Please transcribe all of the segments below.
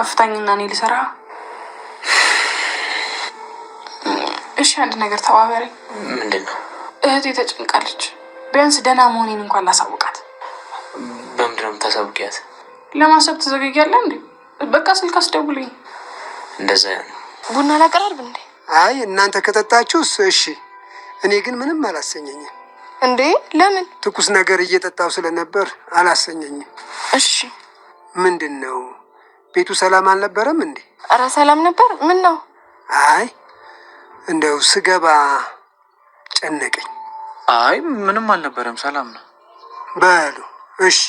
አፍታኝና እኔ ልሰራ። እሺ አንድ ነገር ተባበሪ። ምንድን ነው? እህቴ ተጨንቃለች። ቢያንስ ደህና መሆኔን እንኳን ላሳውቃት። በምንድን ነው የምታሳውቂያት? ለማሰብ ትዘገያለ እንዴ? በቃ ስልክ አስደውልኝ። እንደዛ ቡና ላቀራርብ እንዴ? አይ እናንተ ከጠጣችሁስ እሺ። እኔ ግን ምንም አላሰኘኝም። እንዴ ለምን? ትኩስ ነገር እየጠጣው ስለነበር አላሰኘኝም። እሺ ምንድን ነው ቤቱ ሰላም አልነበረም እንዴ? ኧረ ሰላም ነበር። ምን ነው? አይ እንደው ስገባ ጨነቀኝ። አይ ምንም አልነበረም፣ ሰላም ነው። በሉ እሺ።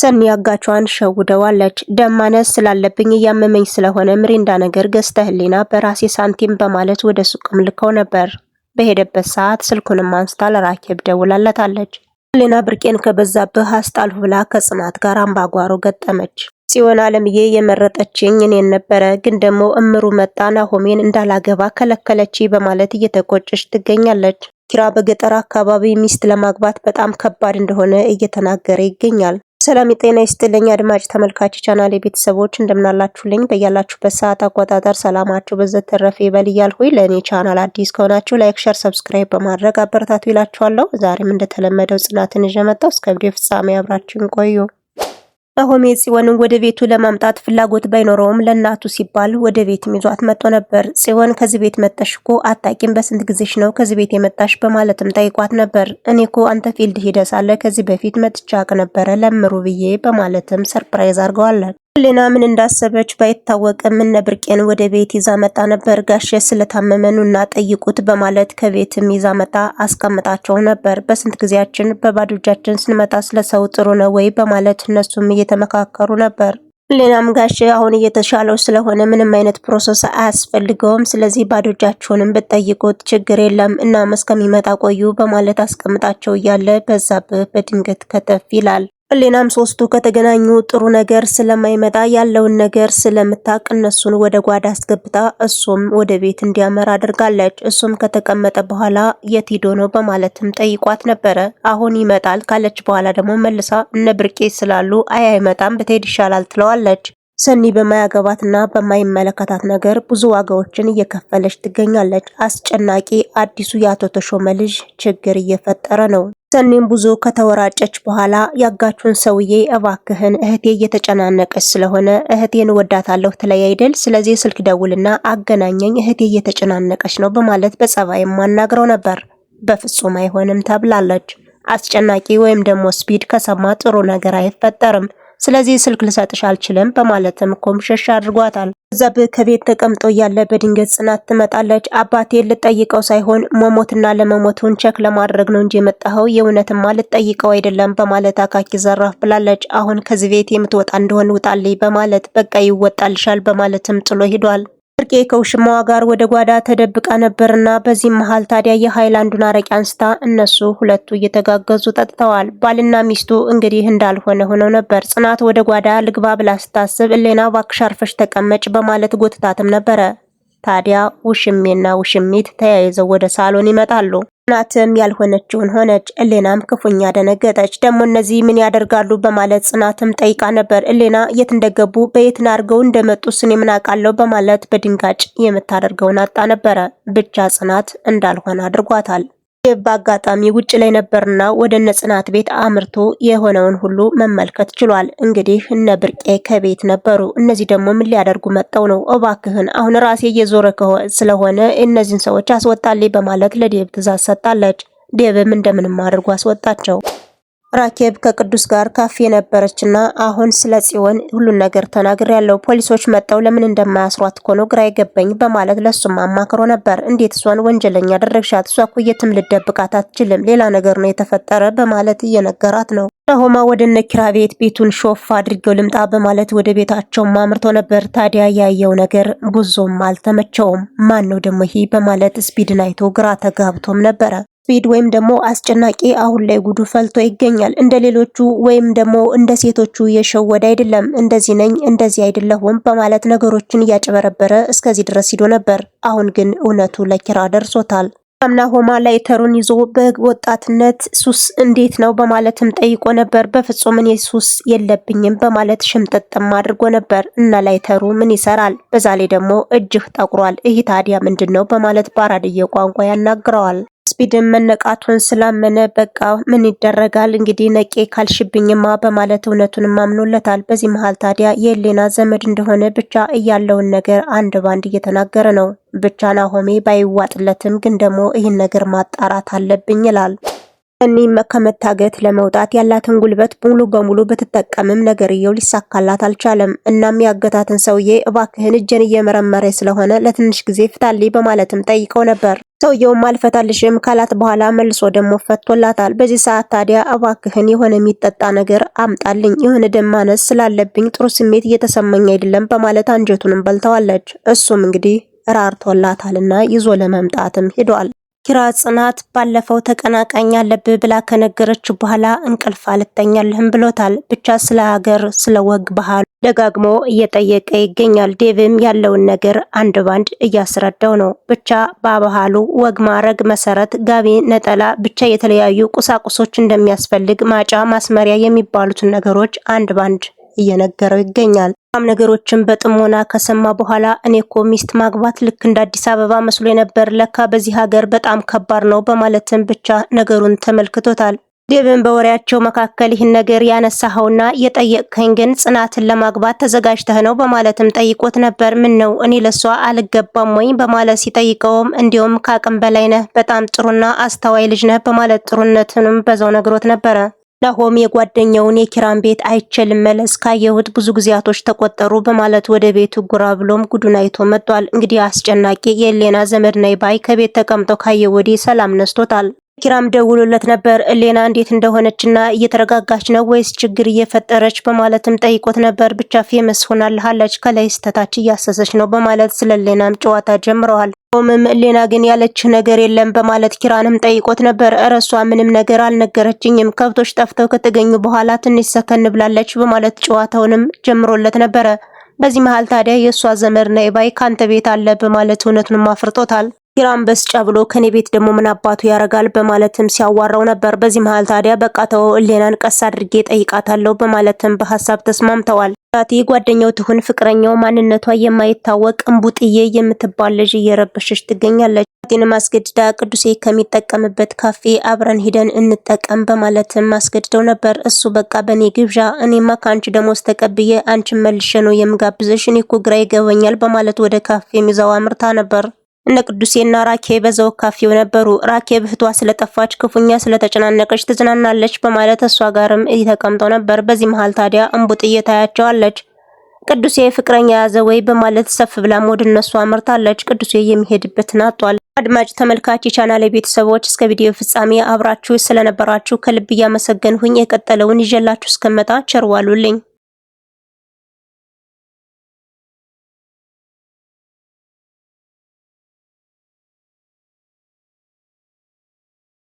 ሰኒ አጋቿን ሸውደዋለች። ደም ማነስ ስላለብኝ እያመመኝ ስለሆነ ምሪንዳ ነገር ህሊና በራሴ ሳንቲም በማለት ወደ ሱቅም ልከው ነበር። በሄደበት ሰዓት ስልኩንም አንስታ ለራኬብ ደውላለታለች። ህሊና ብርቄን ከበዛብህ አስጣልሁ ብላ ከጽናት ጋር አምባጓሮ ገጠመች። ጽዮን አለምዬ የመረጠችኝ እኔን ነበረ፣ ግን ደግሞ እምሩ መጣ ናሆሜን እንዳላገባ ከለከለች በማለት እየተቆጨች ትገኛለች። ኪራ በገጠር አካባቢ ሚስት ለማግባት በጣም ከባድ እንደሆነ እየተናገረ ይገኛል። ሰላም የጤና ይስጥልኝ አድማጭ ተመልካች ቻናል የቤተሰቦች እንደምናላችሁልኝ በያላችሁበት ሰዓት አቆጣጠር ሰላማችሁ በዘት ተረፈ ይበል እያልኩኝ ለእኔ ቻናል አዲስ ከሆናችሁ ላይክ፣ ሸር፣ ሰብስክራይብ በማድረግ አበረታቱ ይላችኋለሁ። ዛሬም እንደተለመደው ጽናትን ይዤ መጣሁ። እስከ ቪዲዮ ፍጻሜ አብራችሁን ቆዩ። ናሆሜ ጽዮንን ወደ ቤቱ ለማምጣት ፍላጎት ባይኖረውም ለእናቱ ሲባል ወደ ቤት ይዟት መጥቶ ነበር። ጽዮን ከዚህ ቤት መጠሽ እኮ አታቂም፣ በስንት ጊዜሽ ነው ከዚህ ቤት የመጣሽ በማለትም ጠይቋት ነበር። እኔ እኮ አንተ ፊልድ ሄደ ሳለ ከዚህ በፊት መጥቻቅ ነበረ ለምሩ ብዬ በማለትም ሰርፕራይዝ አድርገዋለን። ህሊና ምን እንዳሰበች ባይታወቅም እነ ብርቄን ወደ ቤት ይዛ መጣ ነበር። ጋሼ ስለታመመኑ ኑና ጠይቁት በማለት ከቤትም ይዛ መጣ አስቀምጣቸው ነበር። በስንት ጊዜያችን በባዶ እጃችን ስንመጣ ስለሰው ጥሩ ነው ወይ በማለት እነሱም እየተመካከሩ ነበር። ሌናም ጋሼ አሁን እየተሻለው ስለሆነ ምንም አይነት ፕሮሰስ አያስፈልገውም፣ ስለዚህ ባዶ እጃችሁንም ብትጠይቁት ችግር የለም፣ እና እስከሚመጣ ቆዩ በማለት አስቀምጣቸው እያለ በዛብህ በድንገት ከተፍ ይላል። ህሊናም ሶስቱ ከተገናኙ ጥሩ ነገር ስለማይመጣ ያለውን ነገር ስለምታቅ እነሱን ወደ ጓዳ አስገብታ እሱም ወደ ቤት እንዲያመራ አድርጋለች። እሱም ከተቀመጠ በኋላ የት ሂዶ ነው በማለትም ጠይቋት ነበረ። አሁን ይመጣል ካለች በኋላ ደግሞ መልሳ እነ ብርቄ ስላሉ አይ አይመጣም ብትሄድ ይሻላል ትለዋለች። ሰኒ በማያገባትና በማይመለከታት ነገር ብዙ ዋጋዎችን እየከፈለች ትገኛለች። አስጨናቂ አዲሱ የአቶ ተሾመ ልጅ ችግር እየፈጠረ ነው። ሰኒም ብዙ ከተወራጨች በኋላ ያጋችሁን ሰውዬ እባክህን እህቴ እየተጨናነቀች ስለሆነ እህቴን ወዳታለሁ ትለይ አይደል? ስለዚህ ስልክ ደውልና አገናኘኝ፣ እህቴ እየተጨናነቀች ነው በማለት በጸባይም ማናግረው ነበር። በፍጹም አይሆንም ተብላለች። አስጨናቂ ወይም ደግሞ ስፒድ ከሰማ ጥሩ ነገር አይፈጠርም። ስለዚህ ስልክ ልሰጥሽ አልችልም በማለትም ኮምሸሽ አድርጓታል። ዘብህ ከቤት ተቀምጦ እያለ በድንገት ጽናት ትመጣለች። አባቴን ልጠይቀው ሳይሆን መሞትና ለመሞቱን ቸክ ለማድረግ ነው እንጂ የመጣኸው የእውነትማ ልጠይቀው አይደለም በማለት አካኪ ዘራፍ ብላለች። አሁን ከዚህ ቤት የምትወጣ እንደሆን ውጣልኝ በማለት በቃ ይወጣልሻል በማለትም ጥሎ ሂዷል። ብርቄ ከውሽማዋ ጋር ወደ ጓዳ ተደብቃ ነበርና በዚህም መሀል ታዲያ የሃይላንዱን አረቂ አንስታ እነሱ ሁለቱ እየተጋገዙ ጠጥተዋል። ባልና ሚስቱ እንግዲህ እንዳልሆነ ሆነው ነበር። ጽናት ወደ ጓዳ ልግባ ብላ ስታስብ እሌና እባክሽ አርፈሽ ተቀመጭ በማለት ጎትታትም ነበረ። ታዲያ ውሽሜና ውሽሚት ተያይዘው ወደ ሳሎን ይመጣሉ። ጽናትም ያልሆነችውን ሆነች። እሌናም ክፉኛ ደነገጠች። ደግሞ እነዚህ ምን ያደርጋሉ በማለት ጽናትም ጠይቃ ነበር። እሌና የት እንደገቡ በየትን አድርገው እንደመጡ ስኔ ምን አውቃለሁ በማለት በድንጋጭ የምታደርገውን አጣ ነበረ። ብቻ ጽናት እንዳልሆነ አድርጓታል። ይህ በአጋጣሚ ውጭ ላይ ነበርና ወደ እነ ጽናት ቤት አምርቶ የሆነውን ሁሉ መመልከት ችሏል። እንግዲህ እነ ብርቄ ከቤት ነበሩ። እነዚህ ደግሞ ምን ሊያደርጉ መጠው ነው? እባክህን አሁን ራሴ እየዞረ ስለሆነ እነዚህን ሰዎች አስወጣልኝ በማለት ለዴብ ትዕዛዝ ሰጣለች። ዴብም እንደምንም አድርጎ አስወጣቸው። ራኬብ ከቅዱስ ጋር ካፌ ነበረች እና አሁን ስለ ጽዮን ሁሉን ነገር ተናግር ያለው ፖሊሶች መጠው ለምን እንደማያስሯት እኮ ነው ግራ የገባኝ በማለት ለሱም አማክሮ ነበር። እንዴት እሷን ወንጀለኛ አደረግሻት? እሷ እኮ የትም ልደብቃት አትችልም፣ ሌላ ነገር ነው የተፈጠረ በማለት እየነገራት ነው። ናሆማ ወደ ነኪራ ቤት ቤቱን ሾፍ አድርጌው ልምጣ በማለት ወደ ቤታቸው አምርቶ ነበር። ታዲያ ያየው ነገር ብዙም አልተመቸውም። ማን ነው ደግሞ ይሄ በማለት ስፒድን አይቶ ግራ ተጋብቶም ነበረ። ስፒድ ወይም ደግሞ አስጨናቂ አሁን ላይ ጉዱ ፈልቶ ይገኛል። እንደ ሌሎቹ ወይም ደግሞ እንደ ሴቶቹ የሸወደ አይደለም። እንደዚህ ነኝ እንደዚህ አይደለሁም በማለት ነገሮችን እያጨበረበረ እስከዚህ ድረስ ሂዶ ነበር። አሁን ግን እውነቱ ለኪራ ደርሶታል። አምና ሆማ ላይተሩን ይዞ በወጣትነት ሱስ እንዴት ነው በማለትም ጠይቆ ነበር። በፍጹም እኔ ሱስ የለብኝም በማለት ሽምጥጥም አድርጎ ነበር። እና ላይተሩ ምን ይሰራል? በዛ ላይ ደግሞ እጅህ ጠቁሯል፣ ይህ ታዲያ ምንድን ነው በማለት ባራድዬ ቋንቋ ያናግረዋል። ስፒድን መነቃቱን ስላመነ በቃ ምን ይደረጋል እንግዲህ ነቄ ካልሽብኝማ በማለት እውነቱን አምኖለታል። በዚህ መሀል ታዲያ የሌና ዘመድ እንደሆነ ብቻ እያለውን ነገር አንድ ባንድ እየተናገረ ነው። ብቻ ናሆሜ ባይዋጥለትም ግን ደግሞ ይህን ነገር ማጣራት አለብኝ ይላል። እኒ ከመታገት ለመውጣት ያላትን ጉልበት ሙሉ በሙሉ ብትጠቀምም ነገርየው ሊሳካላት አልቻለም። እናም ያገታትን ሰውዬ እባክህን እጄን እየመረመረ ስለሆነ ለትንሽ ጊዜ ፍታልኝ በማለትም ጠይቀው ነበር። ሰውየውም አልፈታልሽም ካላት በኋላ መልሶ ደግሞ ፈቶላታል። በዚህ ሰዓት ታዲያ እባክህን የሆነ የሚጠጣ ነገር አምጣልኝ፣ የሆነ ደም ማነስ ስላለብኝ ጥሩ ስሜት እየተሰማኝ አይደለም በማለት አንጀቱንም በልተዋለች። እሱም እንግዲህ ራርቶላታልና ይዞ ለመምጣትም ሂዷል። ኪራ ጽናት ባለፈው ተቀናቃኝ አለብህ ብላ ከነገረች በኋላ እንቅልፍ አልተኛልህም ብሎታል። ብቻ ስለ ሀገር ስለ ወግ ባህል ደጋግሞ እየጠየቀ ይገኛል። ዴቭም ያለውን ነገር አንድ ባንድ እያስረዳው ነው። ብቻ በባህሉ ወግ ማረግ መሰረት ጋቢ፣ ነጠላ፣ ብቻ የተለያዩ ቁሳቁሶች እንደሚያስፈልግ ማጫ፣ ማስመሪያ የሚባሉትን ነገሮች አንድ ባንድ እየነገረው ይገኛል። ም ነገሮችን በጥሞና ከሰማ በኋላ እኔ እኮ ሚስት ማግባት ልክ እንደ አዲስ አበባ መስሎ የነበር፣ ለካ በዚህ ሀገር በጣም ከባድ ነው በማለትም ብቻ ነገሩን ተመልክቶታል። ዴቭን በወሬያቸው መካከል ይህን ነገር ያነሳኸውና የጠየቅከኝ ግን ጽናትን ለማግባት ተዘጋጅተህ ነው በማለትም ጠይቆት ነበር። ምን ነው እኔ ለሷ አልገባም ወይ በማለት ሲጠይቀውም እንዲሁም ከአቅም በላይ ነህ፣ በጣም ጥሩና አስተዋይ ልጅ ነህ በማለት ጥሩነትንም በዛው ነግሮት ነበረ። ናሆም የጓደኛውን የኪራን ቤት አይቼ ልመለስ ካየሁት ብዙ ጊዜያቶች ተቆጠሩ በማለት ወደ ቤቱ ጉራ ብሎም ጉዱን አይቶ መጥቷል። እንግዲህ አስጨናቂ የሌና ዘመድ ነይ ባይ ከቤት ተቀምጠው ካየ ወዲህ ሰላም ነስቶታል። ኪራም ደውሎለት ነበር። ሌና እንዴት እንደሆነችና እየተረጋጋች ነው ወይስ ችግር እየፈጠረች በማለትም ጠይቆት ነበር። ብቻ ፌመስ ሆናልሃለች ከላይ ስተታች እያሰሰች ነው በማለት ስለ ሌናም ጨዋታ ጀምረዋል። ኦምም ሌና ግን ያለችህ ነገር የለም በማለት ኪራንም ጠይቆት ነበር። እረሷ ምንም ነገር አልነገረችኝም፣ ከብቶች ጠፍተው ከተገኙ በኋላ ትንሽ ሰከን ብላለች በማለት ጨዋታውንም ጀምሮለት ነበረ። በዚህ መሀል ታዲያ የእሷ ዘመድ ነይባይ ካንተ ቤት አለ በማለት እውነቱንም አፍርጦታል። ኪራም በስጫ ብሎ ከኔ ቤት ደግሞ ምን አባቱ ያረጋል በማለትም ሲያዋራው ነበር። በዚህ መሃል ታዲያ በቃ ተወው፣ እሌናን ቀስ አድርጌ ጠይቃታለሁ በማለትም በሀሳብ ተስማምተዋል። ናቲ ጓደኛው ትሁን ፍቅረኛው ማንነቷ የማይታወቅ እምቡጥዬ የምትባል ልጅ እየረበሸች ትገኛለች። ናቲን ማስገድዳ ቅዱሴ ከሚጠቀምበት ካፌ አብረን ሂደን እንጠቀም በማለትም ማስገድደው ነበር። እሱ በቃ በእኔ ግብዣ እኔማ ከአንቺ ደሞዝ ተቀብዬ አንቺን መልሼ ነው የምጋብዘሽ እኔ እኮ ግራ ይገበኛል በማለት ወደ ካፌ ሚዛው አምርታ ነበር። እነ ቅዱሴና በዛው ካፌው ነበሩ። ራኬ እህቷ ስለጠፋች ክፉኛ ስለተጨናነቀች ትዝናናለች በማለት እሷ ጋርም ተቀምጠው ነበር። በዚህ መሃል ታዲያ እየታያቸው አለች። ቅዱሴ ፍቅረኛ ያዘ ወይ በማለት ሰፍ ብላም ወደ እነሱ አመርታለች። ቅዱሴ የሚሄድበትን አጧል። አድማጭ ተመልካች፣ የቻናሌ ቤተሰቦች እስከ ቪዲዮ ፍጻሜ አብራችሁ ስለነበራችሁ ከልብ እያመሰገንሁኝ የቀጠለውን ይዤላችሁ እስከመጣ ቸር ዋሉልኝ።